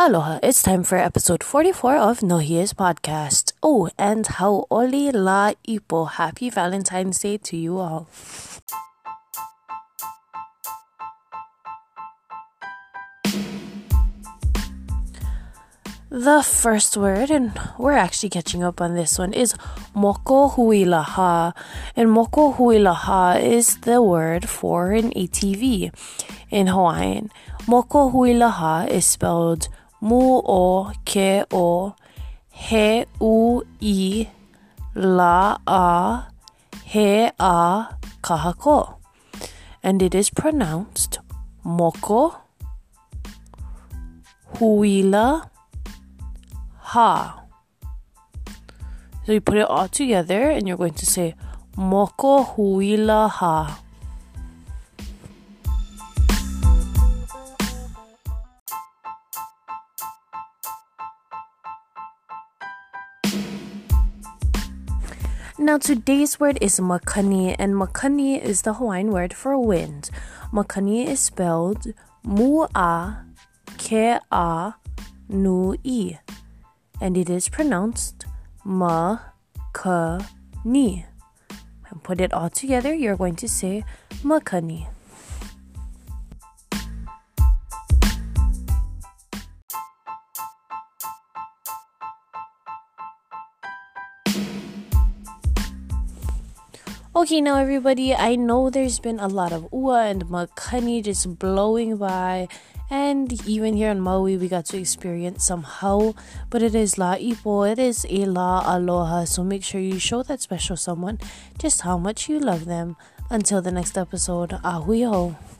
Aloha, it's time for episode 44 of Nohia's podcast. Oh, and how oli la ipo. Happy Valentine's Day to you all. The first word, and we're actually catching up on this one, is moko huilaha. And moko huilaha is the word for an ATV in Hawaiian. Moko huilaha is spelled M O K O H U I L A A H A o ke o he u i la a he a kahako and it is pronounced moko huila ha so you put it all together and you're going to say moko huila ha Now, today's word is makani, and makani is the Hawaiian word for wind. Makani is spelled mu'a ke'a nu'i, and it is pronounced makani. And put it all together, you're going to say makani. Okay, now everybody, I know there's been a lot of ua and makani just blowing by, and even here in Maui, we got to experience some hau, but it is la ipo, it is e la aloha, so make sure you show that special someone just how much you love them. Until the next episode, ahui